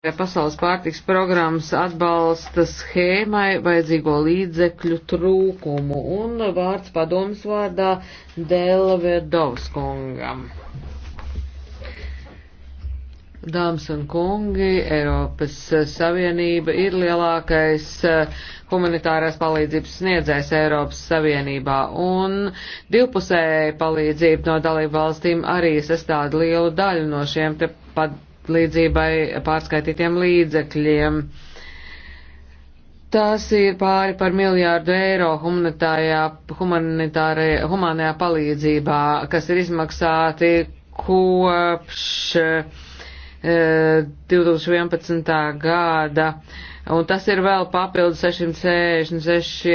Pasaules pārtiks programmas atbalsta schēmai vajadzīgo līdzekļu trūkumu un vārds padomas vārdā Delvedovskungam. Dāmas un kungi, Eiropas Savienība ir lielākais eh, humanitārās palīdzības sniedzējs Eiropas Savienībā un divpusēja palīdzība no dalību valstīm arī sastāda lielu daļu no šiem te pat palīdzībai pārskaitītiem līdzekļiem. Tas ir pāri par miljārdu eiro humanitārajā, humanajā palīdzībā, kas ir izmaksāti kopš e, eh, 2011. gada. Un tas ir vēl papildus 666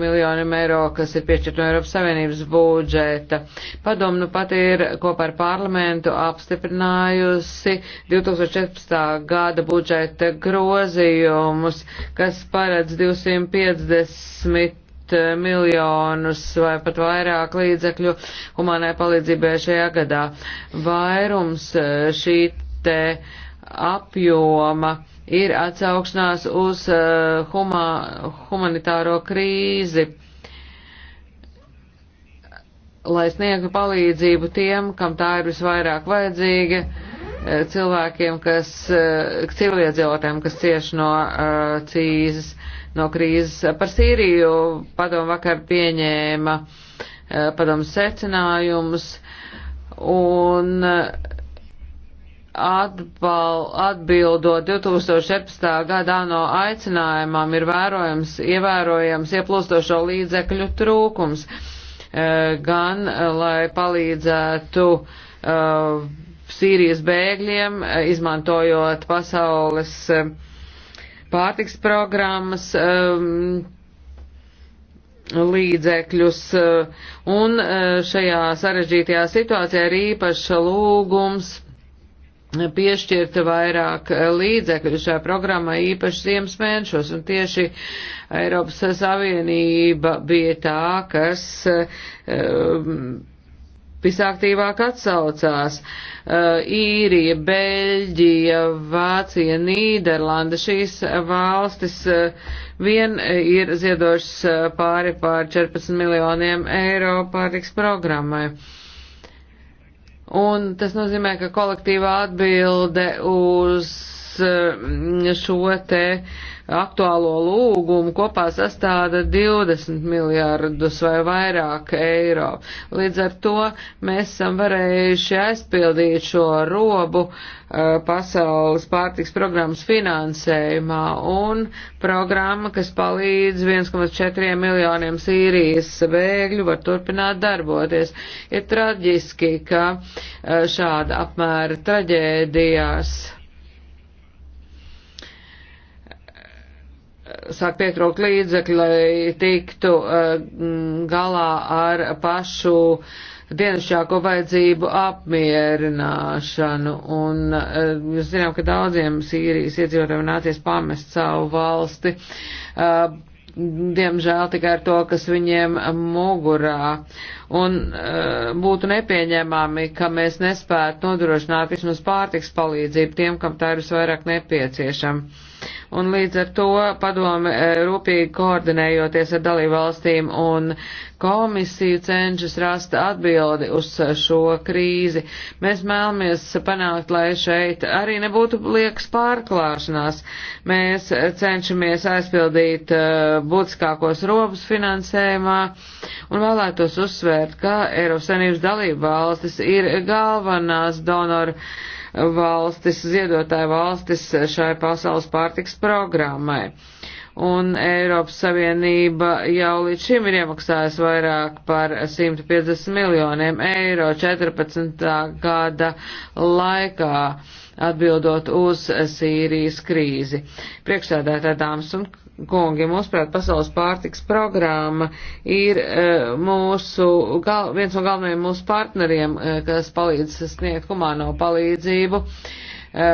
miljoniem eiro, kas ir piešķirt no Eiropas Savienības budžeta. Padomu nu pat ir kopā ar parlamentu apstiprinājusi 2014. gada budžeta grozījumus, kas paredz 250 miljonus vai pat vairāk līdzekļu humanai palīdzībai šajā gadā. Vairums šī te apjoma ir atsaukšanās uz uh, humā, humanitāro krīzi, lai sniegtu palīdzību tiem, kam tā ir visvairāk vajadzīga, eh, cilvēkiem, kas, uh, civiliedzīvotājiem, kas cieši no uh, cīzes, no krīzes. Par Sīriju padomu vakar pieņēma padomu secinājumus un uh, atbal, atbildot 2014. gadā no aicinājumam ir vērojams, ievērojams ieplūstošo līdzekļu trūkums, e, gan e, lai palīdzētu e, Sīrijas bēgļiem, izmantojot pasaules pārtiks programmas līdzekļus, un šajā sarežģītajā situācijā ir īpaša lūgums piešķirta vairāk līdzekļu šai programmai īpaši ziemas mēnešos, un tieši Eiropas Savienība bija tā, kas um, visaktīvāk atsaucās. Uh, īrija, Beļģija, Vācija, Nīderlanda, šīs valstis uh, vien ir ziedošas uh, pāri pār 14 miljoniem eiro pārtiks programmai. Uh, Un tas nozīmē, ka kolektīvā atbilde uz eh, šo te uh, aktuālo lūgumu kopā sastāda 20 miljārdus vai vairāk eiro. Līdz ar to mēs esam varējuši aizpildīt šo robu eh, pasaules pārtiks programmas finansējumā un programma, kas palīdz 1,4 miljoniem Sīrijas bēgļu, var turpināt darboties. Ir traģiski, ka eh, šāda apmēra traģēdijās sāk pietrūkt līdzekļi, lai tiktu eh, galā ar pašu dienasčāko vajadzību apmierināšanu. Un eh, mēs zinām, ka daudziem Sīrijas iedzīvotājiem nācies pamest savu valsti. Eh, diemžēl tikai ar to, kas viņiem mugurā. Un būtu nepieņemami, ka mēs nespētu nodrošināt vismaz pārtiks palīdzību tiem, kam tā ir visvairāk nepieciešama Un līdz ar to padome e, rūpīgi koordinējoties ar dalībvalstīm un komisiju cenšas rast atbildi uz šo krīzi. Mēs mēlamies panākt, lai šeit arī nebūtu liekas pārklāšanās. Mēs cenšamies aizpildīt e, būtiskākos robus finansējumā un vēlētos uzsvērt, ka Eiropas Savienības dalība valstis ir galvenās donoru valstis, ziedotāju valstis šai pasaules pārtiks programmai. Un Eiropas Savienība jau līdz šim ir iemaksājusi vairāk par 150 miljoniem eiro 14. gada laikā atbildot uz Sīrijas krīzi. Priekšsēdētāji dāmas un kungi, mūsuprāt, pasaules pārtiks programma ir e, mūsu, gal, viens no galvenajiem mūsu partneriem, e, kas palīdz sniegt humāno palīdzību. E,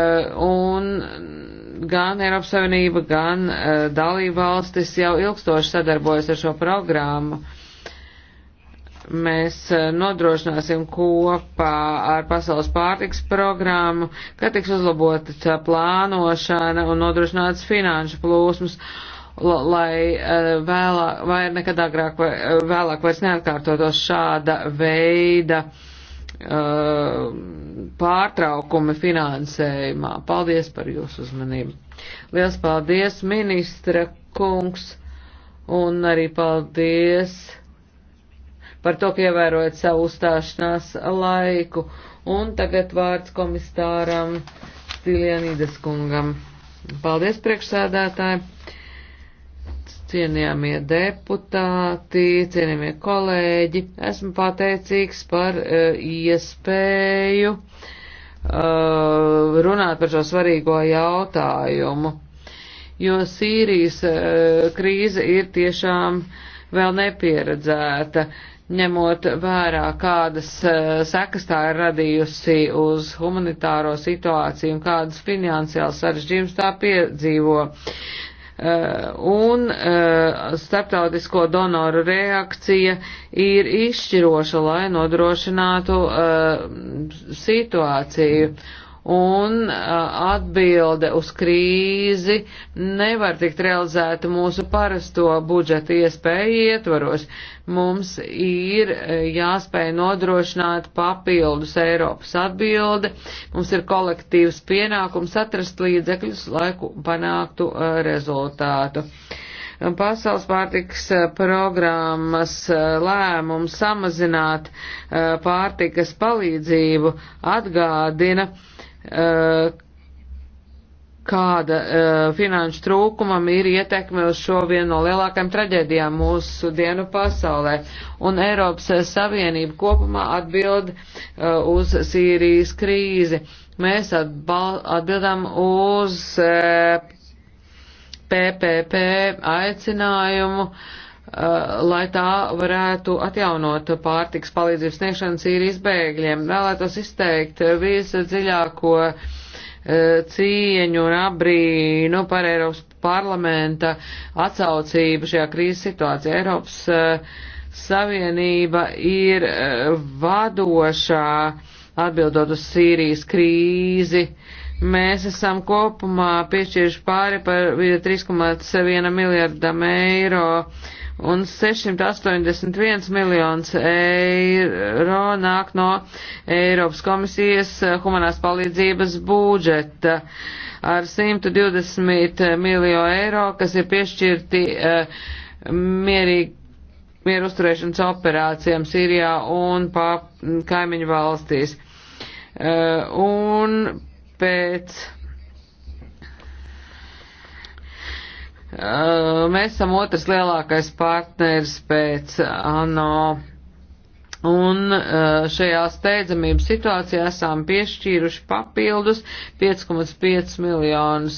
un gan Eiropas Savienība, gan dalība valstis jau ilgstoši sadarbojas ar šo programmu mēs nodrošināsim kopā ar Pasaules pārtiks programmu, ka tiks uzlabota plānošana un nodrošināts finanšu plūsmas. Uh, lai eh, vēlāk, vai nekad agrāk, vai eh, vēlāk vairs neatkārtotos šāda veida uh, pārtraukumi finansējumā. Paldies par jūsu uzmanību. Liels paldies, ministra kungs, un arī paldies par to, ka ievērojat savu uzstāšanās laiku. Un tagad vārds komisāram Stilianīdes kungam. Paldies, priekšsēdētāji! Cienījamie deputāti, cienījamie kolēģi, esmu pateicīgs par uh, iespēju uh, runāt par šo svarīgo jautājumu, jo Sīrijas uh, krīze ir tiešām vēl nepieredzēta, ņemot vērā, kādas sekas tā ir radījusi uz humanitāro situāciju un kādas finansiāls sarežģījums tā piedzīvo. Eh, un eh, starptautisko donoru reakcija ir izšķiroša, lai nodrošinātu eh, situāciju un uh, atbilde uz krīzi nevar tikt realizēta mūsu parasto budžeta iespēju ietvaros. Mums ir uh, jāspēj nodrošināt papildus Eiropas atbildi, mums ir kolektīvs pienākums atrast līdzekļus, lai panāktu uh, rezultātu. Pasaules pārtikas programmas lēmums samazināt pārtikas palīdzību atgādina, Eh, kāda eh, finanšu trūkumam ir ietekme uz šo vienu no lielākajām traģēdijām mūsu dienu pasaulē. Un Eiropas Savienība kopumā atbild eh, uz Sīrijas krīzi. Mēs atbildam uz PPP aicinājumu uh, Uh, lai tā varētu atjaunot pārtiks palīdzības sniegšanu Sīrijas bēgļiem. Vēlētos izteikt visdziļāko uh, cieņu un abrīnu par Eiropas parlamenta atsaucību šajā krīzes situācijā. Eiropas uh, Savienība ir vadošā atbildot uz Sīrijas krīzi. Mēs esam kopumā piešķīruši pāri par 3,1 miljardam eiro uh, un 681 miljonus eiro nāk no Eiropas komisijas humanās palīdzības budžeta ar 120 miljonu eiro, kas ir piešķirti eh, mierīgi mieru uzturēšanas operācijām Sīrijā un kaimiņu valstīs. Eh, un pēc Uh, mēs esam otrs lielākais partners pēc ANO. Un uh, šajā steidzamības situācijā esam piešķīruši papildus 5,5 miljonus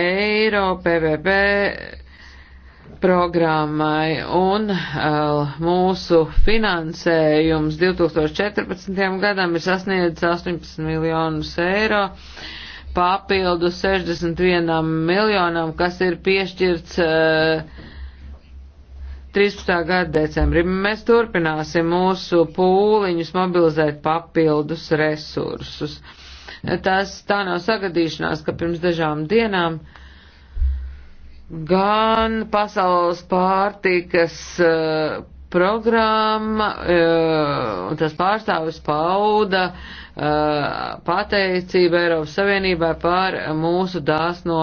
eiro PVP programmai un uh, mūsu finansējums 2014. gadam ir sasniedzis 18 miljonus eiro. Uh, papildu 61 miljonam, kas ir piešķirts uh, eh, 13. gada decembrim. Mēs turpināsim mūsu pūliņus mobilizēt papildus resursus. Tas tā nav sagadīšanās, ka pirms dažām dienām gan pasaules pārtikas uh, programma e, un tas pārstāvis pauda e, pateicību Eiropas Savienībai par mūsu dāsno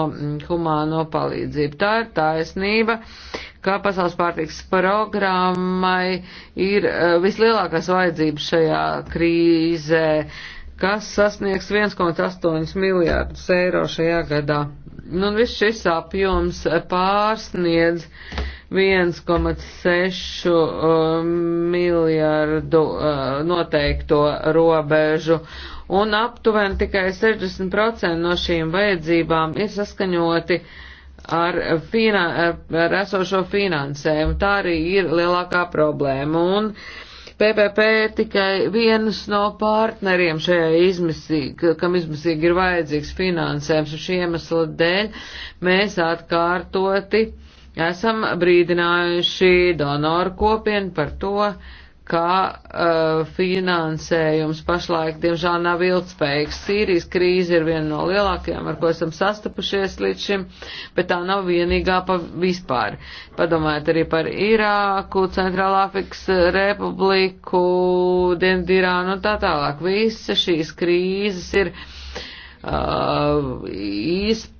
humāno palīdzību. Tā ir taisnība, ka pasaules pārtiks programmai ir e, vislielākās vajadzības šajā krīzē, kas sasniegs 1,8 miljārdus eiro šajā gadā. Nu, un viss šis apjoms pārsniedz uh, 1,6 um, miljardu uh, noteikto robežu, un aptuveni tikai 60% no šīm vajadzībām ir saskaņoti ar, finan ar esošo finansējumu. Tā arī ir lielākā problēma. Un, PPP ir tikai viens no partneriem šajā izmisīgi, kam izmisīgi ir vajadzīgs finansējums, un šī iemesla dēļ mēs atkārtoti Esam brīdinājuši donoru kopienu par to, ka uh, finansējums pašlaik, diemžēl, nav ilgspējīgs. Sīrijas krīze ir viena no lielākajām, ar ko esam sastapušies līdz šim, bet tā nav vienīgā pa vispār. Padomājiet arī par Irāku, Centrālā Afrikas Republiku, Dienvidīrānu un tā tālāk. Visa šīs krīzes ir uh, izpētījums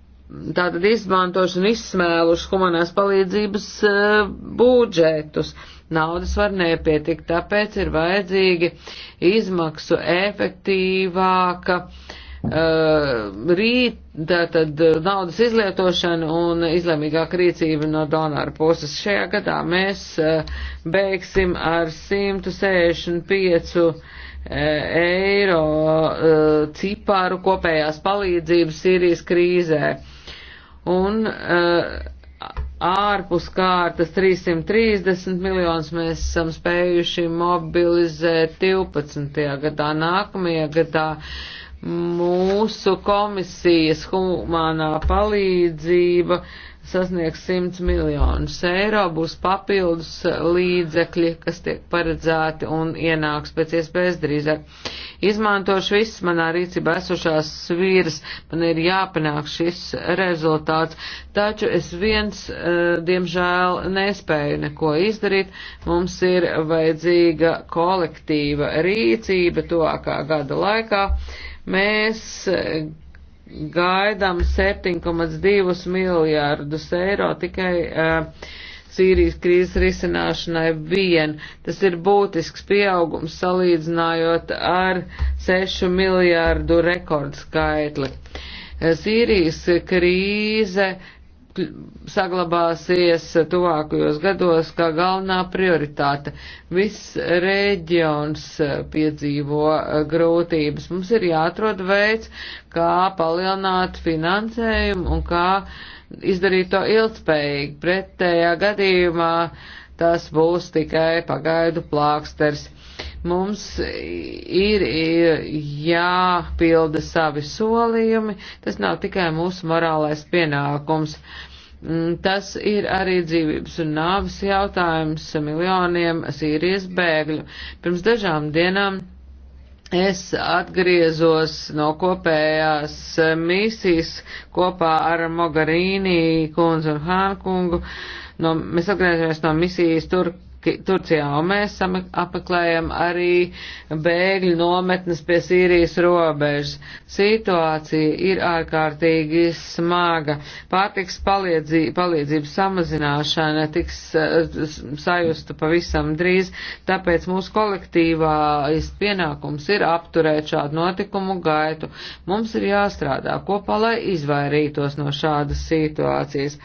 tātad izmantošanu izsmēluši humanās palīdzības eh, budžetus. Naudas var nepietikt, tāpēc ir vajadzīgi izmaksu efektīvāka eh, rīt, tātad naudas izlietošana un izlēmīgāka rīcība no donāra puses. Šajā gadā mēs eh, beigsim ar 165 eiro ciparu kopējās palīdzības Sīrijas krīzē un uh, ārpus kārtas 330 miljonus mēs esam spējuši mobilizēt 12. gadā, nākamajā gadā mūsu komisijas humānā palīdzība uh, sasniegs 100 miljonus eiro, būs papildus līdzekļi, kas tiek paredzēti un ienāks pēc iespējas drīzāk. Izmantošu visas manā rīcībā esošās svīras, man ir jāpanāk šis rezultāts, taču es viens, eh, diemžēl, nespēju neko izdarīt. Mums ir vajadzīga kolektīva rīcība tuvākā gada laikā. Mēs gaidām 7,2 miljārdus eiro tikai uh, Sīrijas krīzes risināšanai vien. Tas ir būtisks pieaugums salīdzinājot ar 6 miljārdu rekordskaitli. Eh, Sīrijas krīze saglabāsies tuvākajos gados kā galvenā prioritāte. Viss reģions piedzīvo eh, grūtības. Mums ir jāatrod veids, kā palielināt finansējumu un kā izdarīt to ilgspējīgi. Pretējā gadījumā tas būs tikai pagaidu plāksters. Mums ir jāpilda savi solījumi, tas nav tikai mūsu morālais pienākums. Mm, tas ir arī dzīvības un nāvis jautājums miljoniem Sīrijas bēgļu. Pirms dažām dienām es atgriezos no kopējās misijas kopā ar Mogarīnī kundzu un Hānkungu. No, mēs atgriezāmies no misijas tur, Turcijā, un mēs apmeklējam arī bēgļu nometnes pie Sīrijas robežas. Situācija ir ārkārtīgi smaga. Pārtiks palīdzība, palīdzības samazināšana tiks eh, sajusta pavisam drīz, tāpēc mūsu kolektīvais pienākums ir apturēt šādu notikumu gaitu. Mums ir jāstrādā kopā, lai izvairītos no šādas situācijas.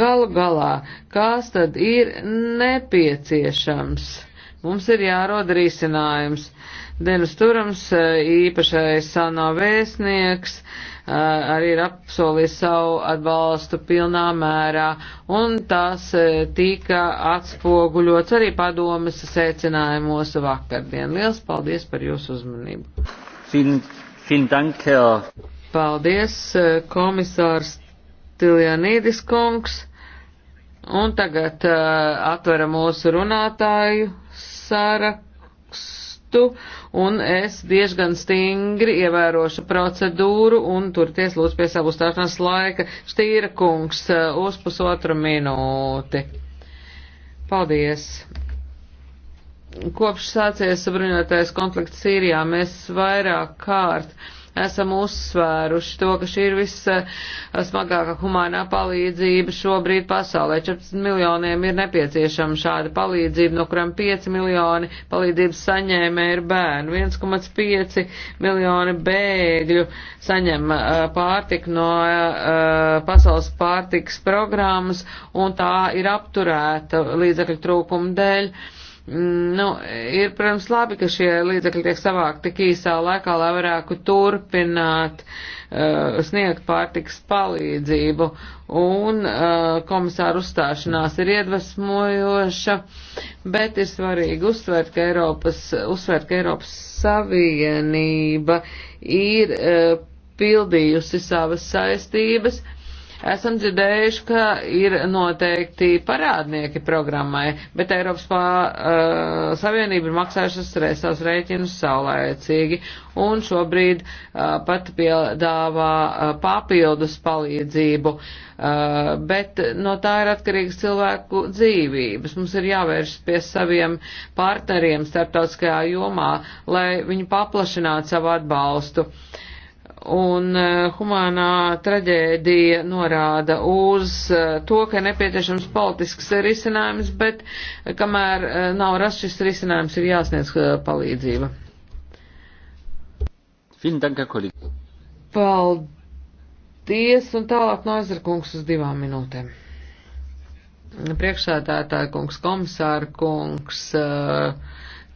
Galu galā, kas tad ir nepieciešams? Mums ir jāroda risinājums. Denis Turams, īpašais ANO vēstnieks, arī ir apsolījis savu atbalstu pilnā mērā, un tas e, tika atspoguļots arī padomas secinājumos vakardien. Liels paldies par jūsu uzmanību! Fin, fin dank, Paldies, e, komisārs Stiljanīdis kungs. Un tagad uh, atvera mūsu runātāju sarakstu, un es diezgan stingri ievērošu procedūru un turties lūdzu pie savu stāšanās laika. Štīra kungs uh, uz pusotru minūti. Paldies! Kopš sācies bruņotais konflikts Sīrijā mēs vairāk kārt uh, esam uzsvēruši to, ka šī ir vissmagākā humānā palīdzība šobrīd pasaulē. 14 miljoniem ir nepieciešama šāda palīdzība, no kurām 5 miljoni palīdzības saņēmē ir bērni. 1,5 miljoni bēgļu saņem pārtiku no pasaules pārtikas programmas, un tā ir apturēta līdzekļu trūkuma dēļ. Nu, ir, protams, labi, ka šie līdzekļi tiek savākti tik īsā laikā, lai varētu turpināt uh, sniegt pārtiks palīdzību. Un uh, komisāra uzstāšanās ir iedvesmojoša, bet ir svarīgi uzsvērt, ka Eiropas, uzsvērt, ka Eiropas Savienība ir uh, pildījusi savas saistības Esam dzirdējuši, ka ir noteikti parādnieki programmai, bet Eiropas pā, uh, eh, Savienība ir maksājušas savus rēķinus saulēcīgi un šobrīd uh, pat piedāvā uh, papildus palīdzību, uh, bet no tā ir atkarīgs cilvēku dzīvības. Mums ir jāvēršas pie saviem partneriem starptautiskajā jomā, lai viņi paplašinātu savu atbalstu. Uh, Un e, humānā traģēdija norāda uz e, to, ka nepieciešams politisks risinājums, bet e, kamēr nav rasts šis risinājums, ir jāsniedz palīdzība. Paldies, un tālāk no aizrakungs uz divām minūtēm. Priekšsādātāja kungs, komisāra kungs,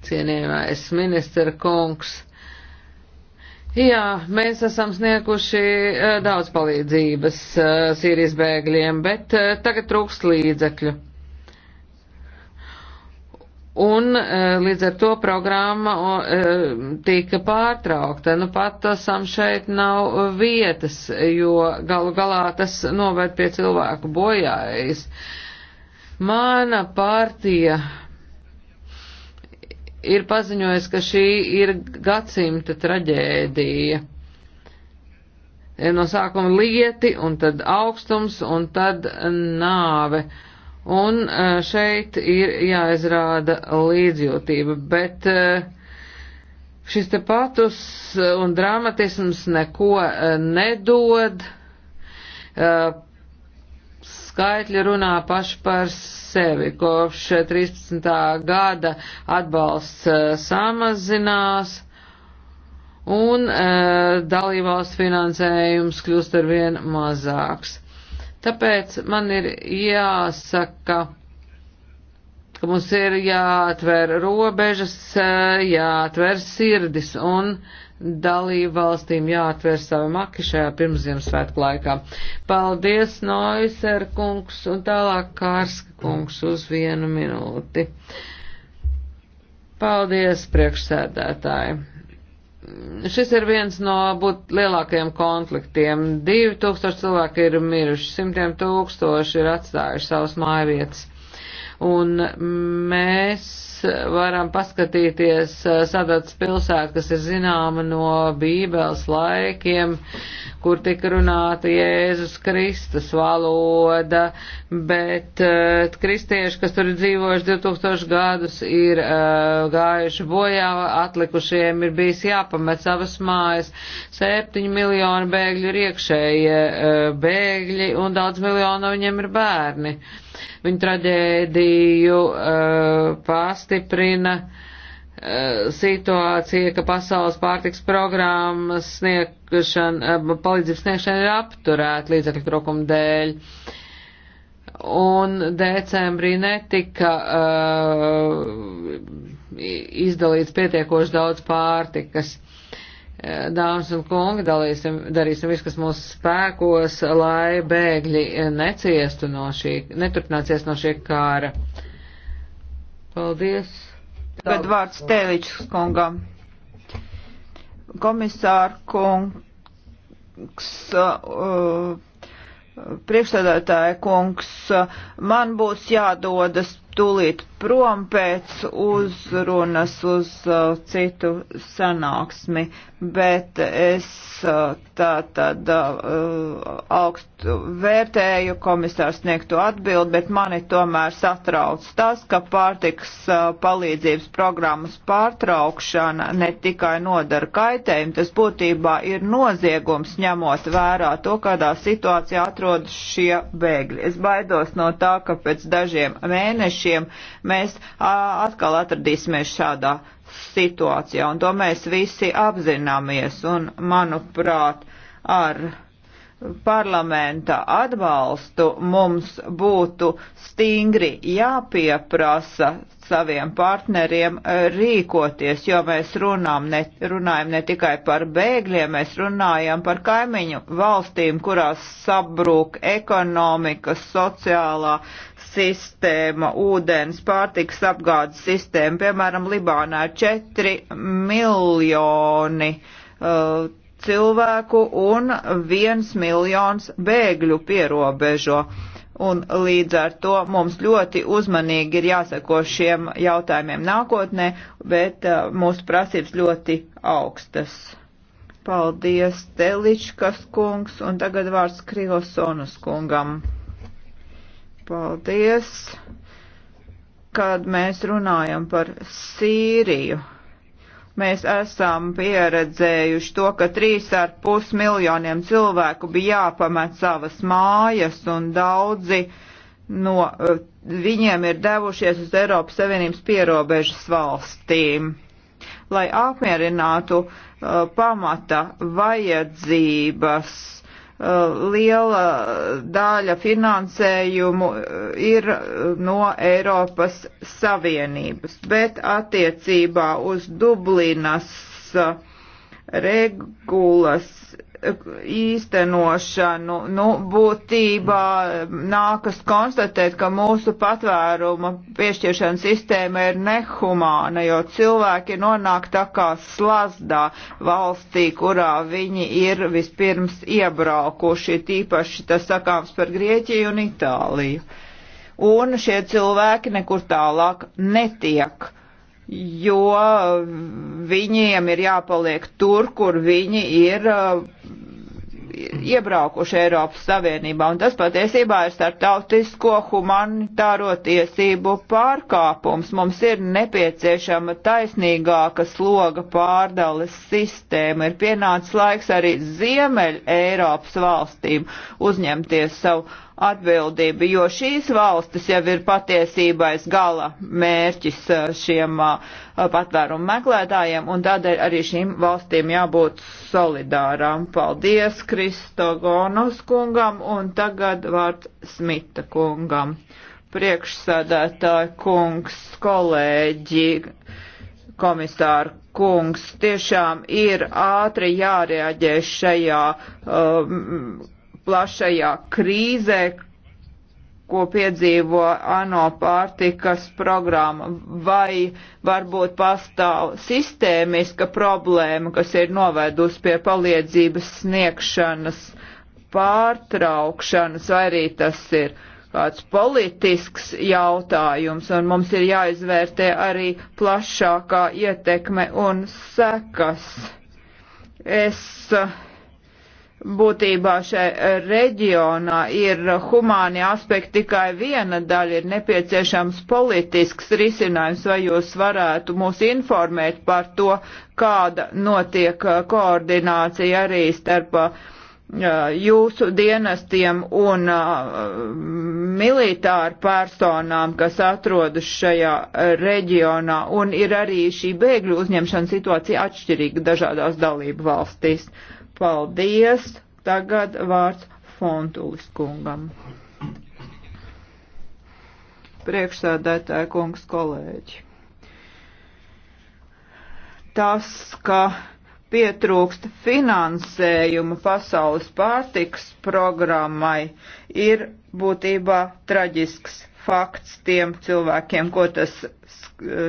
cienījamais ministra kungs Jā, mēs esam snieguši eh, daudz palīdzības eh, Sīrijas bēgļiem, bet eh, tagad trūkst līdzekļu. Un līdz ar to programma tika pārtraukta. Nu pat tasam šeit nav vietas, jo galu galā tas noved pie cilvēku bojājas. Mana partija ir paziņojis, ka šī ir gadsimta traģēdija. No sākuma lieti, un tad augstums, un tad nāve. Un e, šeit ir jāizrāda līdzjūtība, bet e, šis te patus un dramatisms neko e, nedod Skaitļi runā paši par sevi. Kopš 13. gada atbalsts eh, samazinās un e, dalībvalsts finansējums kļūst ar vien mazāks. Tāpēc man ir jāsaka, ka mums ir jāatver robežas, eh, jāatver sirdis un e, dalību valstīm jāatver savi maki šajā pirmsziemassvētku laikā. Paldies, Noiser kungs, un tālāk Kārska kungs uz vienu minūti. Paldies, priekšsēdētāji. Šis ir viens no būt lielākajiem konfliktiem. 2000 cilvēki ir miruši, simtiem tūkstoši ir atstājuši savas mājvietas. Un mēs varam paskatīties eh, sadats pilsētu, kas ir zināma no Bībeles laikiem, kur tika runāta Jēzus Kristus valoda, bet uh, kristieši, kas tur ir dzīvojuši 2000 gadus, ir uh, gājuši bojā, atlikušiem ir bijis jāpamet savas mājas. 7 miljoni bēgļu ir iekšēji uh, bēgļi un daudz miljonu viņiem ir bērni. Uh, Viņa traģēdiju uh, pastiprina uh, situācija, ka pasaules pārtiks programmas sniegšana, uh, palīdzības sniegšana ir apturēta līdzekļu trūkuma dēļ. Un decembrī netika uh, izdalīts pietiekoši daudz pārtikas. Eh, dāmas un kungi, dalīsim, darīsim visu, kas mūsu spēkos, lai bēgļi eh, neciestu no šī, neturpināsies no šī kāra. Paldies. Tagad vārds Tēličs kungam. Komisāra kungs. Uh, Priekšsēdētāja kungs, man būs jādodas tūlīt prom pēc uzrunas uz uh, citu sanāksmi, bet es uh, tā tad uh, augstu vērtēju komisārs sniegto atbildi, bet mani tomēr satrauc tas, ka pārtiks uh, palīdzības programmas pārtraukšana ne tikai nodara kaitējumu, tas būtībā ir noziegums ņemot vērā to, kādā situācijā atrodas šie bēgļi. Es baidos no tā, ka pēc dažiem mēnešiem mēs atkal atradīsimies šādā situācijā, un to mēs visi apzināmies, un, manuprāt, ar parlamenta atbalstu mums būtu stingri jāpieprasa saviem partneriem rīkoties, jo mēs runām ne, runājam ne tikai par bēgļiem, mēs runājam par kaimiņu valstīm, kurās sabrūk ekonomika, sociālā sistēma, ūdens, pārtiks apgādes sistēma. Piemēram, Libānā ir 4 miljoni uh, cilvēku un 1 miljons bēgļu pierobežo. Un līdz ar to mums ļoti uzmanīgi ir jāsako šiem jautājumiem nākotnē, bet uh, mūsu prasības ļoti augstas. Paldies, Teličkas kungs, un tagad vārds Krilosonas kungam. Paldies, kad mēs runājam par Sīriju. Mēs esam pieredzējuši to, ka trīs ar pus miljoniem cilvēku bija jāpamet savas mājas un daudzi no eh, viņiem ir devušies uz Eiropas Savienības pierobežas valstīm. Lai apmierinātu uh, pamata vajadzības, Eh, liela daļa finansējumu eh, ir eh, no Eiropas Savienības, bet attiecībā uz Dublinas regulas īstenošanu. Nu, būtībā eh, nākas konstatēt, ka mūsu patvēruma piešķiršana sistēma ir nehumāna, jo cilvēki nonāk tā kā slazdā valstī, kurā viņi ir vispirms iebraukuši, tīpaši tas sakāms par Grieķiju un Itāliju. Un šie cilvēki nekur tālāk netiek jo viņiem ir jāpaliek tur, kur viņi ir eh, iebraukuši Eiropas Savienībā, un tas patiesībā ir starptautisko humanitāro tiesību pārkāpums. Mums ir nepieciešama taisnīgāka sloga pārdales sistēma. Ir pienācis laiks arī Ziemeļ Eiropas valstīm uzņemties savu atbildību, jo šīs valstis jau ir patiesībais gala mērķis uh, šiem uh, patvērumu meklētājiem, un tādēļ arī šīm valstīm jābūt solidārām. Paldies Kristogonos kungam un tagad vārds Smita kungam. Priekšsādātāja kungs, kolēģi, komisāra kungs, tiešām ir ātri jārēģē šajā um, plašajā krīzē, ko piedzīvo ANO pārtikas programma, vai varbūt pastāv sistēmiska problēma, kas ir novedusi pie palīdzības sniegšanas pārtraukšanas, vai arī tas ir kāds politisks jautājums, un mums ir jāizvērtē arī plašākā ietekme un sekas. Es uh, būtībā šai reģionā ir humāni aspekti tikai viena daļa, ir nepieciešams politisks risinājums, vai jūs varētu mūs informēt par to, kāda notiek uh, koordinācija arī starp uh, jūsu dienestiem un uh, militāru personām, kas atrodas šajā reģionā, un ir arī šī bēgļu uzņemšana situācija atšķirīga dažādās dalību valstīs. Uh, Paldies! Tagad vārds Fontulis kungam. Priekšsēdētāja kungs kolēģi. Tas, ka pietrūkst finansējuma pasaules pārtiks programmai, ir būtībā traģisks fakts tiem cilvēkiem, ko tas,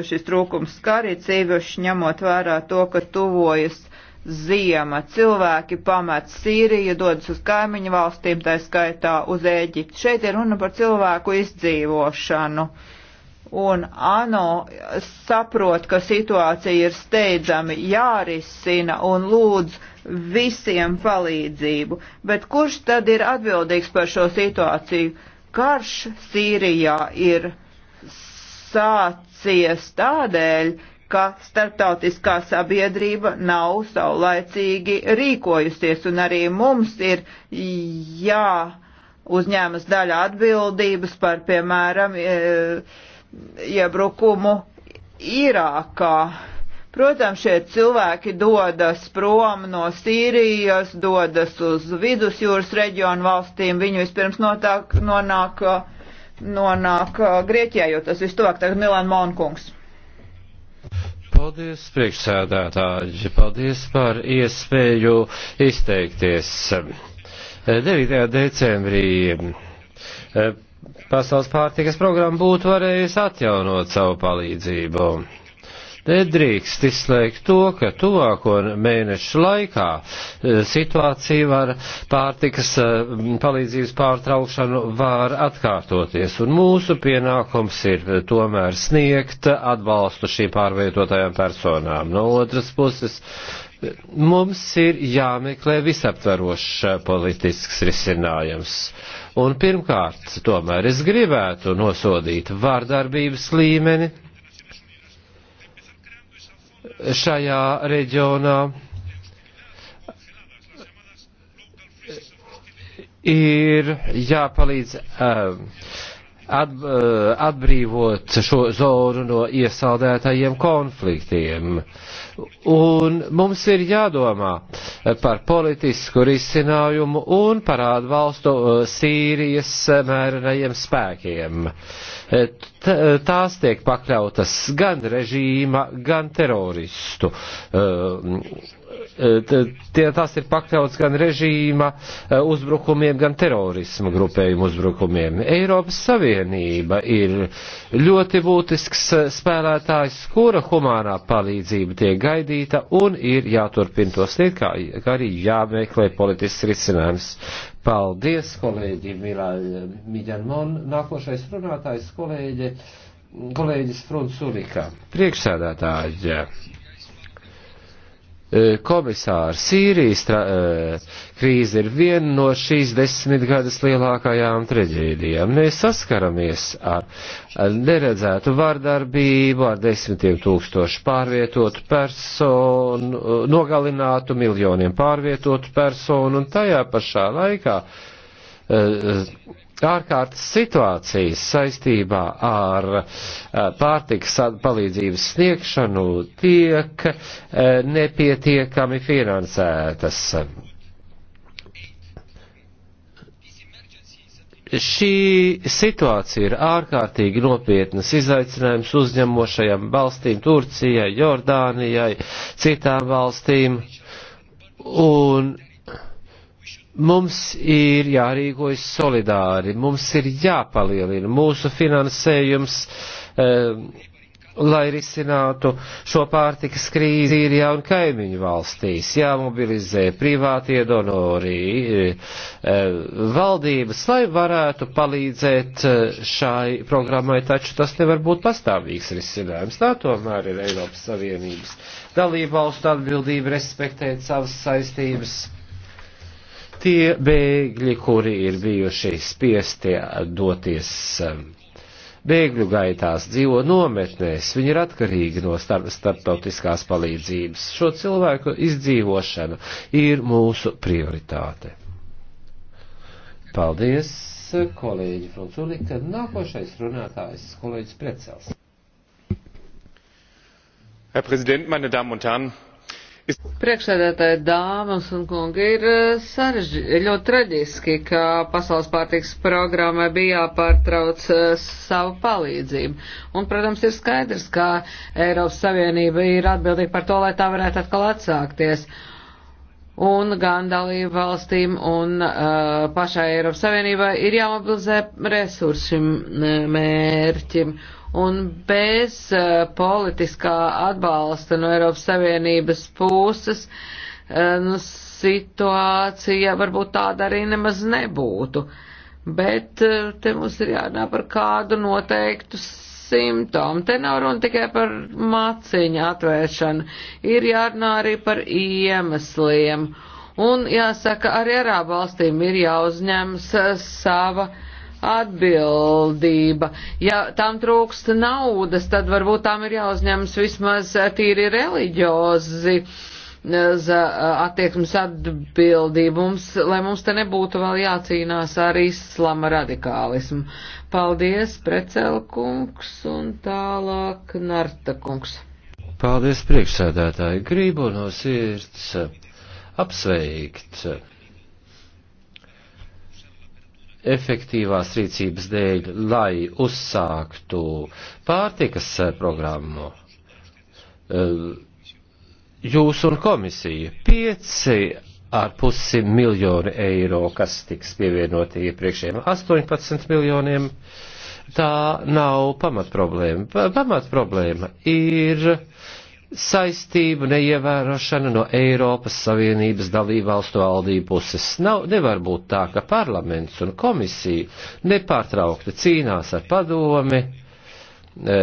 šis trūkums skar, ir cīviši ņemot vērā to, ka tuvojas uh, ziema. Cilvēki pamet Sīriju, dodas uz kaimiņu valstīm, tā skaitā uz Ēģipti. Šeit ir runa par cilvēku izdzīvošanu. Un ANO saprot, ka situācija ir steidzami jārisina un lūdz visiem palīdzību. Bet kurš tad ir atbildīgs par šo situāciju? Karš Sīrijā ir sācies tādēļ, ka starptautiskā sabiedrība nav saulaicīgi rīkojusies, un arī mums ir jā uzņēmas daļa atbildības par, piemēram, e, iebrukumu Irākā. Protams, šie cilvēki dodas prom no Sīrijas, dodas uz vidusjūras reģionu valstīm, viņi vispirms notāk, nonāk, nonāk e, Grieķijā, jo tas vistuvāk tagad Milan Monkungs. Paldies, priekšsēdētāji, paldies par iespēju izteikties. 9. decembrī eh, pasaules pārtikas programma būtu varējusi atjaunot savu palīdzību. Nedrīkst izslēgt to, ka tuvāko mēnešu laikā e, situācija var pārtikas e, palīdzības pārtraukšanu var atkārtoties, un mūsu pienākums ir e, tomēr sniegt atbalstu šīm pārvietotajām personām. No otras puses, mums ir jāmeklē visaptvarošs politisks risinājums. Un pirmkārt, tomēr es gribētu nosodīt vārdarbības līmeni, šajā reģionā ir jāpalīdz um, Eh, atbrīvot šo zonu no iesaldētajiem konfliktiem. Un mums ir jādomā par politisku risinājumu un par atbalstu eh, Sīrijas mērenajiem spēkiem. Eh, tās tiek pakļautas gan režīma, gan teroristu tie, tas ir pakļauts gan režīma eh, uzbrukumiem, gan terorismu grupējumu uzbrukumiem. Eiropas Savienība ir ļoti būtisks eh, spēlētājs, kura humārā palīdzība tiek gaidīta un ir jāturpina to sniegt, kā, kā arī jāmeklē politisks risinājums. Paldies, kolēģi Miļanmon. Nākošais runātājs kolēģi, kolēģis Frunzulika. Priekšsēdētāji. Eh, komisāri, Sīrijas eh, krīze ir viena no šīs desmitgades lielākajām traģēdijām. Mēs saskaramies ar neredzētu vardarbību, ar desmitiem tūkstošu pārvietotu personu, nogalinātu miljoniem pārvietotu personu un tajā pašā laikā uh, ārkārtas situācijas saistībā ar eh, pārtikas palīdzības sniegšanu tiek eh, nepietiekami finansētas. Šī situācija ir ārkārtīgi nopietnas izaicinājums uzņemošajām valstīm, Turcijai, Jordānijai, citām valstīm, un Mums ir jārīkojas solidāri, mums ir jāpalielina mūsu finansējums, eh, lai risinātu šo pārtikas krīzi Sīrijā un kaimiņu valstīs. Jāmobilizē privātie donori, eh, eh, valdības, lai varētu palīdzēt šai programmai, taču tas nevar būt pastāvīgs risinājums. Tā tomēr ir Eiropas Savienības dalībvalstu atbildība respektēt savas saistības tie bēgļi, kuri ir bijuši spiesti doties um, bēgļu gaitās, dzīvo nometnēs, viņi ir atkarīgi no starp, starptautiskās palīdzības. Šo cilvēku izdzīvošana ir mūsu prioritāte. Paldies, kolēģi Frunzulika. Nākošais runātājs, kolēģis Precels. Herr Präsident, meine Damen und Herren! Priekšsēdētāji, dāmas un kungi, ir eh, sarežģi, ļoti traģiski, ka pasaules pārtiks programma bija jāpārtrauc eh, savu palīdzību. Un, protams, ir skaidrs, ka Eiropas Savienība ir atbildīga par to, lai tā varētu atkal atsākties. Un gan dalību valstīm un uh, pašai Eiropas Savienībai ir jāmobilizē resursi šim mērķim. Uh, Un bez uh, politiskā atbalsta no Eiropas Savienības puses uh, nu, situācija varbūt tāda arī nemaz nebūtu. Bet uh, te mums ir jārunā par kādu noteiktu simptomu. Te nav runa tikai par maciņu atvēršanu, ir jārunā arī par iemesliem. Un jāsaka, arī arā valstīm ir jāuzņemas sava atbildība. Ja tam trūkst naudas, tad varbūt tām ir jāuzņemas vismaz tīri reliģiozi eh, eh, attieksmes atbildību mums, lai mums te nebūtu vēl jācīnās ar islama radikālismu. Paldies, Precelkungs un tālāk Nartakungs. Paldies, priekšsēdētāji. Gribu no sirds apsveikt efektīvās rīcības dēļ, lai uzsāktu pārtikas eh, programmu. Eh, jūs un komisija pieci ar pusi miljonu eiro, kas tiks pievienoti iepriekšējiem 18 miljoniem, tā nav pamatproblēma. Pamatproblēma ir saistību neievērošana no Eiropas Savienības dalībvalstu valdību puses. Nav, nevar būt tā, ka parlaments un komisija nepārtraukti cīnās ar padomi, e,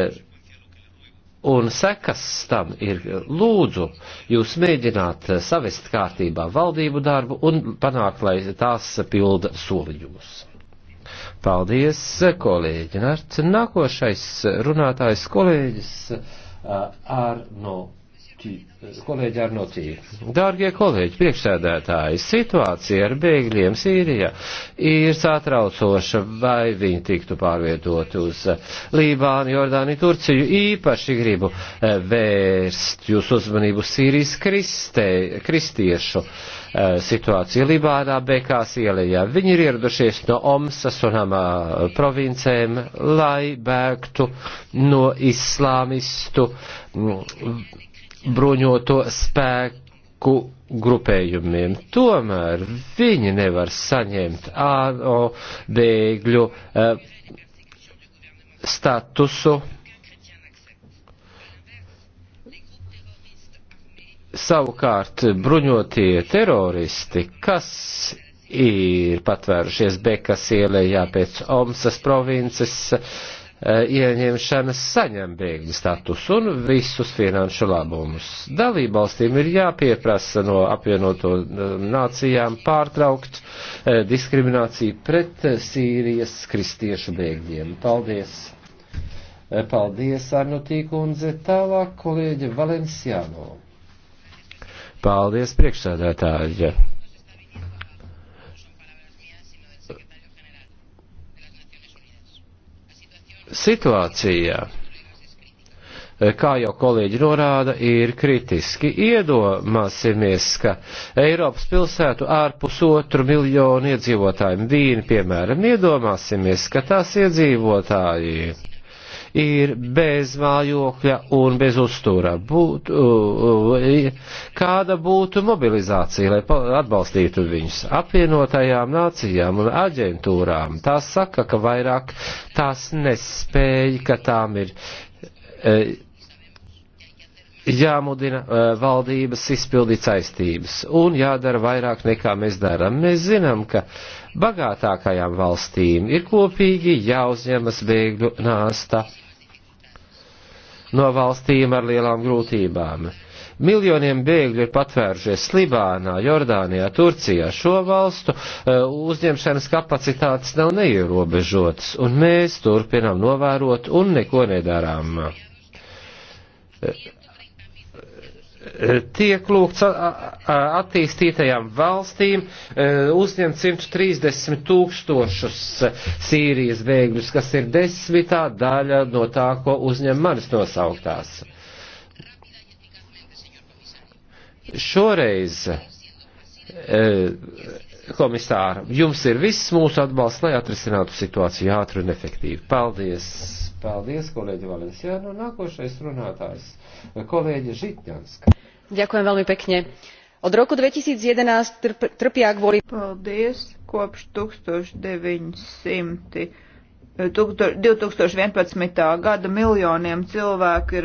un sekas tam ir lūdzu jūs mēģināt savest kārtībā valdību darbu un panākt, lai tās pilda soliņumus. Paldies, kolēģi Nārts. Nākošais runātājs kolēģis. Uh, ar no Kolēģi Arnotī. Dārgie kolēģi, priekšsēdētāji, situācija ar bēgļiem Sīrijā ir satraucoša, vai viņi tiktu pārvietoti uz Lībānu, Jordāniju, Turciju. Īpaši gribu eh, vērst jūsu uzmanību Sīrijas kristē, kristiešu eh, situāciju Libānā, Bekās ielējā. Viņi ir ieradušies no Omsas un Hamā provincēm, lai bēgtu no islāmistu. Mm, bruņoto spēku grupējumiem. Tomēr viņi nevar saņemt ANO bēgļu uh, statusu. Savukārt bruņotie teroristi, kas ir patvērušies Bekas ielējā pēc Omsas provinces, uh, Eh, ieņemšanas saņem bēgļu status un visus finanšu labumus. Dalībvalstīm ir jāpieprasa no apvienoto eh, nācijām pārtraukt eh, diskrimināciju pret Sīrijas kristiešu bēgļiem. Paldies! Paldies, Arnotī kundze, tālāk kolēģi Valenciāno. Paldies, priekšsēdētāji! situācija, kā jau kolēģi norāda, ir kritiski. Iedomāsimies, ka Eiropas pilsētu ar pusotru miljonu iedzīvotājiem vīni, piemēram, iedomāsimies, ka tās iedzīvotāji ir bez mājokļa un bez uzturā. Būt, kāda būtu mobilizācija, lai atbalstītu viņus apvienotajām nācijām un aģentūrām? Tās saka, ka vairāk tās nespēja, ka tām ir e, jāmudina e, valdības izpildīt saistības un jādara vairāk nekā mēs darām. Mēs zinām, ka bagātākajām valstīm ir kopīgi jāuzņemas bēgļu nāsta no valstīm ar lielām grūtībām. Miljoniem bēgļu ir patvērušies Libānā, Jordānijā, Turcijā. Šo valstu eh, uzņemšanas kapacitātes nav neierobežotas, un mēs turpinām novērot un neko nedarām. Eh, tiek lūgts attīstītajām valstīm e, uzņemt 130 tūkstošus Sīrijas bēgļus, kas ir desmitā daļa no tā, ko uzņem manis nosauktās. Šoreiz, e, komisāra, jums ir viss mūsu atbalsts, lai atrisinātu situāciju ātri un efektīvi. Paldies! Paldies, kolēģi Valenciānu. Nākošais runātājs, kolēģi Žitņanska. Ďakujem veľmi pekne. Od roku 2011 trp, trpjā kvôli... Paldies, kopš 1900. 2011. gada miljoniem cilvēku ir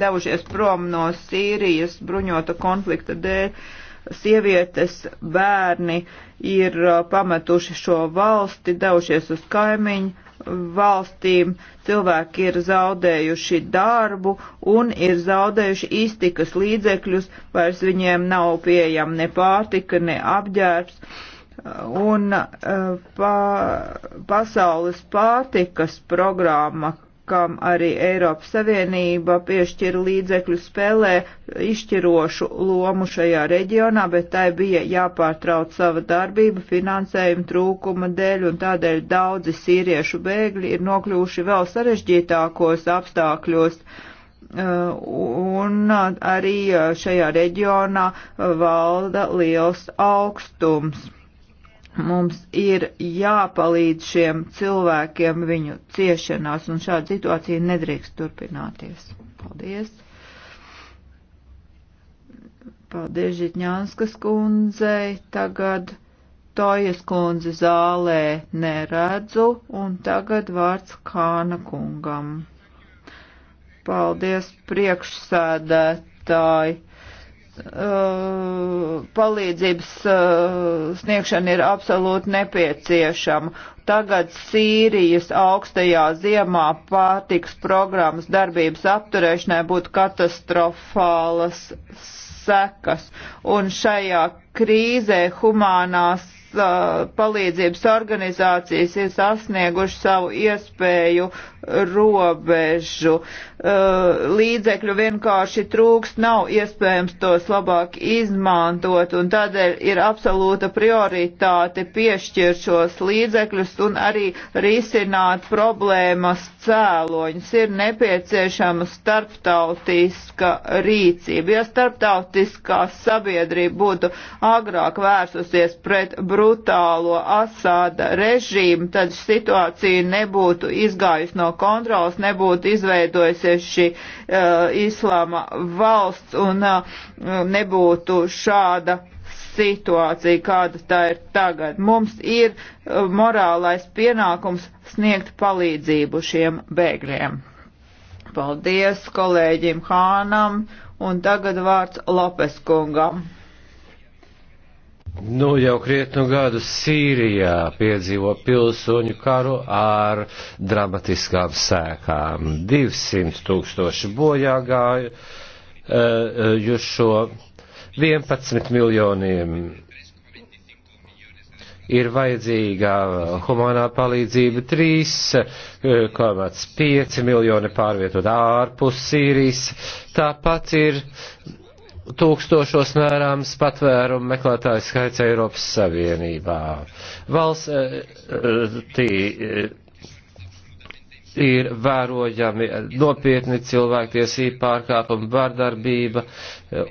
devušies prom no Sīrijas bruņota konflikta dēļ. Sievietes, bērni ir uh, pametuši šo valsti, devušies uz kaimiņu valstīm cilvēki ir zaudējuši darbu un ir zaudējuši iztikas līdzekļus, vairs viņiem nav pieejama ne pārtika, ne apģērbs. Un eh, pa, pasaules pārtikas programma, kam arī Eiropas Savienība piešķir līdzekļu spēlē izšķirošu lomu šajā reģionā, bet tai bija jāpārtrauc sava darbība finansējuma trūkuma dēļ, un tādēļ daudzi sīriešu bēgļi ir nokļuvuši vēl sarežģītākos apstākļos. Uh, un arī uh, šajā reģionā uh, valda liels augstums. Mums ir jāpalīdz šiem cilvēkiem viņu ciešanās, un šāda situācija nedrīkst turpināties. Paldies! Paldies Žitņānskas kundzei. Tagad Tojas kundzi zālē neredzu, un tagad vārds Kāna kungam. Paldies priekšsēdētāji! Uh, palīdzības uh, sniegšana ir absolūti nepieciešama. Tagad Sīrijas augstajā ziemā pārtiks programmas darbības apturēšanai būtu katastrofālas sekas. Un šajā krīzē humānās palīdzības organizācijas ir sasnieguši savu iespēju robežu. Līdzekļu vienkārši trūkst, nav iespējams tos labāk izmantot, un tādēļ ir absolūta prioritāte piešķirt šos līdzekļus un arī risināt problēmas cēloņus, ir nepieciešama starptautiska rīcība. Ja starptautiskā sabiedrība būtu agrāk vērsusies pret brutālo Asāda režīmu, tad situācija nebūtu izgājusi no kontrolas, nebūtu izveidojusies šī uh, islāma valsts un uh, nebūtu šāda situācija, kāda tā ir tagad. Mums ir uh, morālais pienākums sniegt palīdzību šiem bēgļiem. Paldies kolēģim Hānam un tagad vārds Lopes kungam. Nu, jau krietnu gadu Sīrijā piedzīvo pilsoņu karu ar dramatiskām sēkām. 200 tūkstoši bojā gāju, uh, uh, jo šo 11 miljoniem ir vajadzīga humanā palīdzība 3,5 eh, miljoni pārvietot ārpus Sīrijas. Tāpat ir tūkstošos mērāms patvērumu meklētāju skaits Eiropas Savienībā. Valsts eh, eh, tī, ir vērojami nopietni cilvēktiesība pārkāpuma, vārdarbība,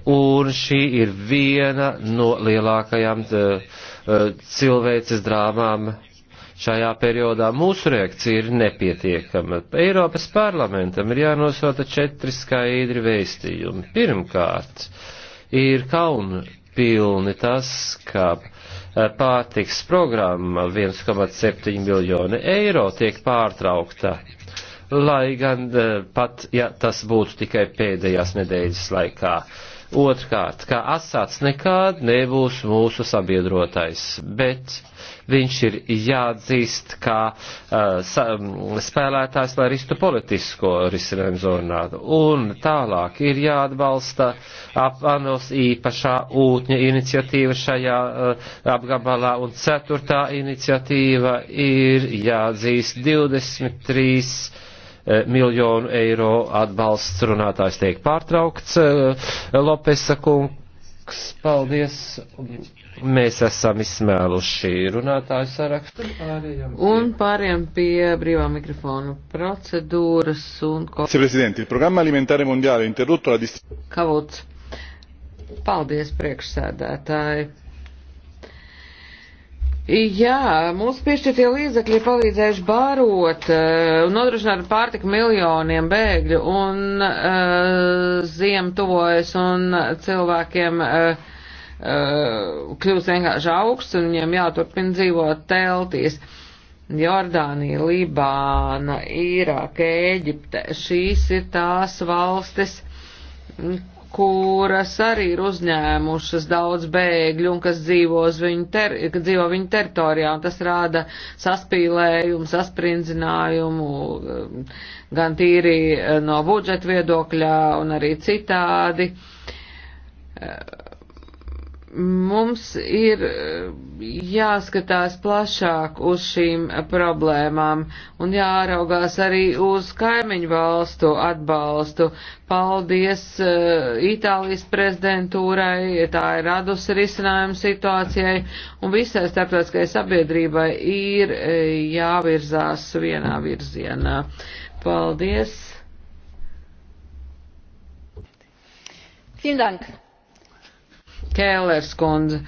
un šī ir viena no lielākajām eh, eh, cilvēces drāmām šajā periodā. Mūsu reakcija ir nepietiekama. Eiropas parlamentam ir jānosota četri skaidri veistījumi. Pirmkārt, ir kauna pilni tas, ka Eh, pārtiks programma 1,7 miljoni eiro tiek pārtraukta, lai gan eh, pat, ja tas būtu tikai pēdējās nedēļas laikā. Otrkārt, kā asāts nekad nebūs mūsu sabiedrotais, bet viņš ir jāatzīst kā uh, sa, um, spēlētājs, lai ristu politisko risinājumu zonā. Un tālāk ir jāatbalsta apvanos īpašā ūtņa iniciatīva šajā uh, apgabalā, un ceturtā iniciatīva ir jāatzīst 23 uh, miljonu eiro atbalsts runātājs tiek pārtraukts. Uh, Lopesa kungs Broks, paldies. Mēs esam izsmēluši runātāju sarakstu. Pārējām pie... Un pārējām pie brīvā mikrofonu procedūras un... Kavuts. Paldies, priekšsēdētāji. Jā, mūsu piešķirtie līdzekļi ir palīdzējuši barot eh, un nodrošināt pārtiku miljoniem bēgļu un uh, eh, ziem tuvojas un cilvēkiem uh, uh, kļūst vienkārši augsts un viņiem jāturpina dzīvot teltīs. Jordānija, Libāna, Īrāka, Ēģipte. Šīs ir tās valstis, kuras arī ir uzņēmušas daudz bēgļu un kas dzīvo viņu, ter, dzīvo viņu teritorijā, un tas rāda saspīlējumu, sasprindzinājumu, um, gan tīri eh, no budžeta viedokļā un arī citādi. Uh, mums ir eh, jāskatās plašāk uz šīm problēmām un jāraugās arī uz kaimiņu valstu atbalstu. Paldies eh, Itālijas prezidentūrai, tā ir radusi risinājumu situācijai un visai starptautiskai sabiedrībai ir eh, jāvirzās vienā virzienā. Paldies! Vielen Dank. Kēlers kundze.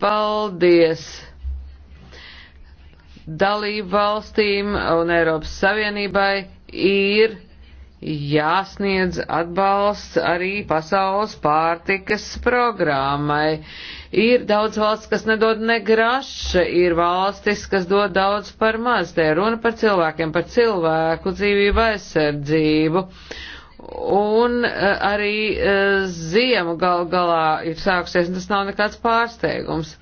Paldies! Dalību valstīm un Eiropas Savienībai ir jāsniedz atbalsts arī pasaules pārtikas programmai. Ir daudz valsts, kas nedod ne graša, ir valstis, kas dod daudz par maz. Te runa par cilvēkiem, par cilvēku dzīvību aizsardzību. Uh, Un e, arī e, ziema gal galā ir sāksies, un tas nav nekāds pārsteigums.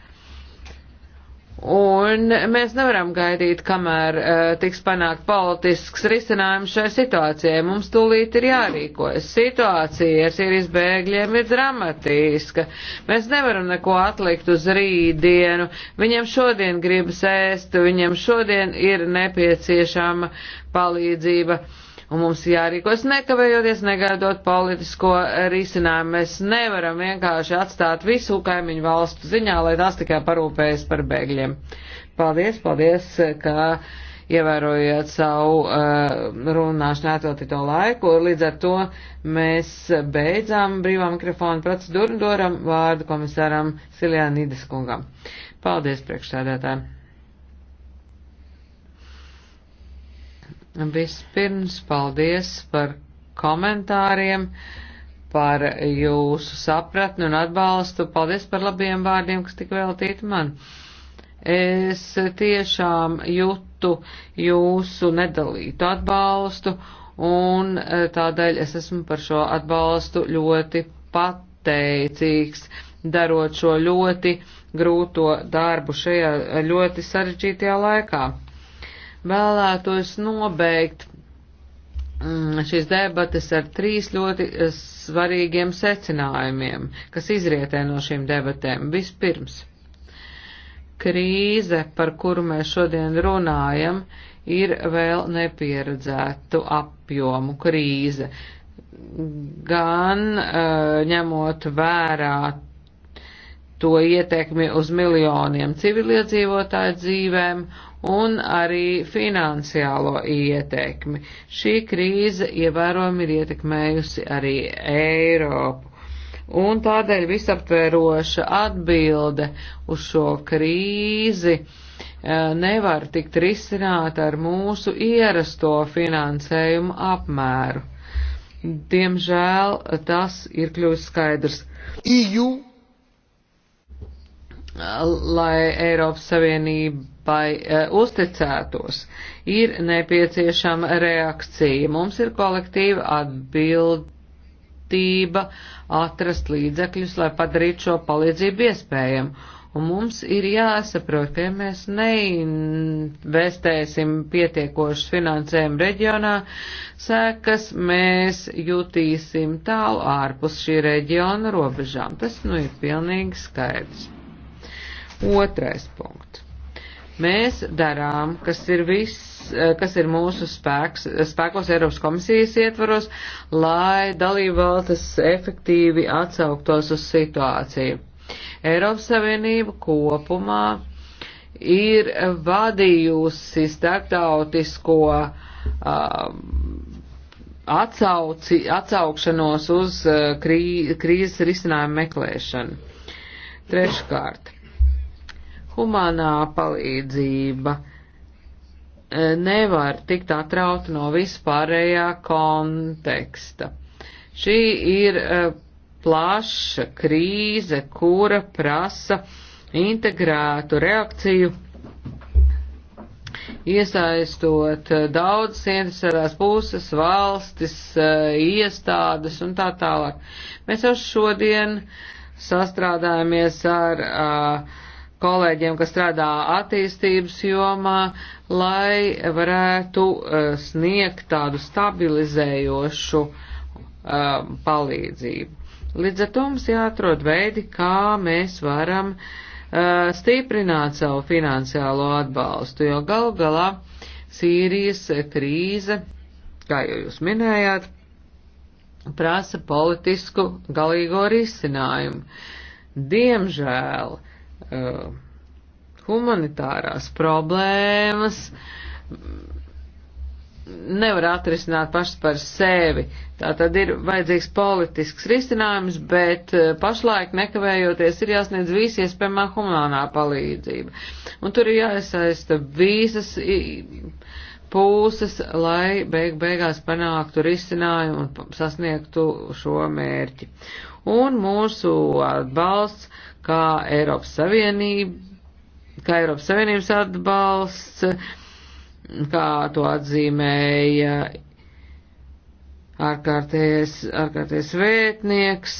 Un mēs nevaram gaidīt, kamēr uh, tiks panākt politisks risinājums šai situācijai. Mums tūlīt ir jārīkojas. Situācija ar Sīrijas bēgļiem ir dramatiska. Mēs nevaram neko atlikt uz rītdienu. Viņiem šodien gribas ēst, viņiem šodien ir nepieciešama palīdzība. Uh, Un mums jārīkos nekavējoties, negaidot politisko risinājumu. Mēs nevaram vienkārši atstāt visu kaimiņu valstu ziņā, lai tās tikai parūpējas par bēgļiem. Paldies, paldies, ka ievērojot savu uh, runāšanu atveltīto laiku. Līdz ar to mēs beidzām brīvā mikrofona procedūru un doram vārdu komisāram Siljānīdas kungam. Paldies, priekšsēdētāji! Vispirms paldies par komentāriem, par jūsu sapratni un atbalstu. Paldies par labiem vārdiem, kas tik veltīti man. Es tiešām jūtu jūsu nedalītu atbalstu un eh, tādēļ es esmu par šo atbalstu ļoti pateicīgs, darot šo ļoti grūto darbu šajā eh, ļoti sarežģītajā laikā vēlētos nobeigt mm, šīs debates ar trīs ļoti eh, svarīgiem secinājumiem, kas izrietē no šīm debatēm. Vispirms, krīze, par kuru mēs šodien runājam, ir vēl nepieredzētu apjomu krīze. Gan uh, ņemot vērā to ietekmi uz miljoniem civiliedzīvotāju dzīvēm un arī finansiālo ietekmi. Šī krīze ievērojami ir ietekmējusi arī Eiropu. Un tādēļ visaptvēroša atbilde uz šo krīzi eh, nevar tikt risināta ar mūsu ierasto finansējumu apmēru. Diemžēl tas ir kļuvis skaidrs. EU lai Eiropas Savienībai eh, uzticētos, ir nepieciešama reakcija. Mums ir kolektīva atbildība atrast līdzekļus, lai padarītu šo palīdzību iespējamu. Un mums ir jāsaprot, ka ja mēs neinvestēsim pietiekošas finansējumu reģionā, sēkas mēs jutīsim tālu ārpus šī reģiona robežām. Tas nu ir pilnīgi skaidrs. Otrais punkts. Mēs darām, kas ir viss, eh, kas ir mūsu spēks, spēkos Eiropas komisijas ietvaros, lai dalībvalstis efektīvi atsauktos uz situāciju. Eiropas Savienība kopumā ir vadījusi starptautisko um, atsauci, atsaukšanos uz eh, krī, krīzes risinājumu meklēšanu. Treškārt, Humanā palīdzība e, nevar tikt atrauta no vispārējā konteksta. Šī ir e, plaša krīze, kura prasa integrētu reakciju iesaistot e, daudzas interesētās puses, valstis, iestādes un tā tālāk. Mēs jau šodien sastrādājamies ar uh, kolēģiem, kas strādā attīstības jomā, lai varētu e, sniegt tādu stabilizējošu e, palīdzību. Līdz ar to mums jāatrod veidi, kā mēs varam e, stiprināt savu finansiālo atbalstu, jo gal galā Sīrijas krīze, kā jau jūs minējāt, prasa politisku galīgo risinājumu. Diemžēl uh, humanitārās problēmas nevar atrisināt pašas par sevi. Tā tad ir vajadzīgs politisks risinājums, bet uh, pašlaik nekavējoties ir jāsniedz visi iespējamā humanā palīdzība. Un tur ir jāiesaista visas puses, lai beig beigās panāktu risinājumu un sasniegtu šo mērķi un mūsu atbalsts kā Eiropas Savienība, kā Eiropas Savienības atbalsts, kā to atzīmēja ārkārtējais, ārkārtējais vētnieks,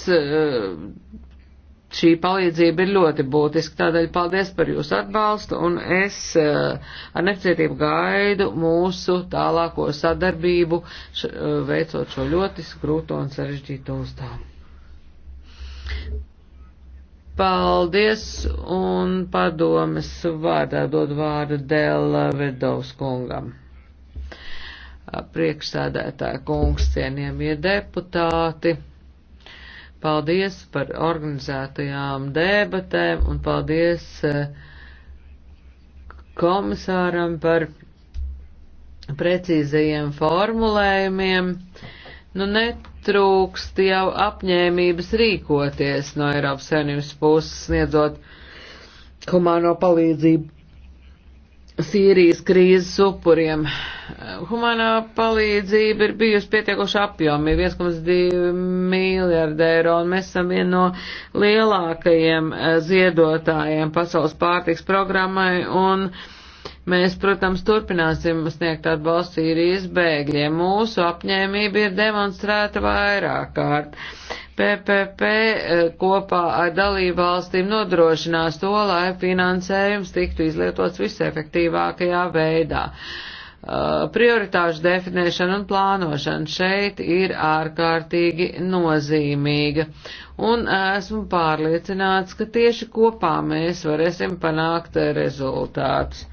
šī palīdzība ir ļoti būtiska, tādēļ paldies par jūsu atbalstu, un es eh, ar necietību gaidu mūsu tālāko sadarbību, eh, veicot šo ļoti skrūto un sarežģīto uzdevumu. Paldies, un padomes vārdā dod vārdu Dēla Vedovs kungam. Priekšsādētāja kungs, cienījamie deputāti. Paldies par organizētajām debatēm un paldies eh, komisāram par precīzajiem formulējumiem. Uh, nu netrūkst jau apņēmības rīkoties no Eiropas Savienības puses sniedzot humāno palīdzību Sīrijas krīzes upuriem. Humanā palīdzība ir bijusi pietiekoši apjomi - 1,2 miljārdi eiro, un mēs esam viena no lielākajiem ziedotājiem pasaules pārtiks programmai, un uh, Mēs, protams, turpināsim sniegt atbalstu Sīrijas bēgļiem. Mūsu apņēmība ir demonstrēta vairāk kārt. PPP eh, kopā ar dalību valstīm nodrošinās to, lai finansējums tiktu izlietots visefektīvākajā veidā. Eh, prioritāšu definēšana un plānošana šeit ir ārkārtīgi nozīmīga, un esmu pārliecināts, ka tieši kopā mēs varēsim panākt rezultātus.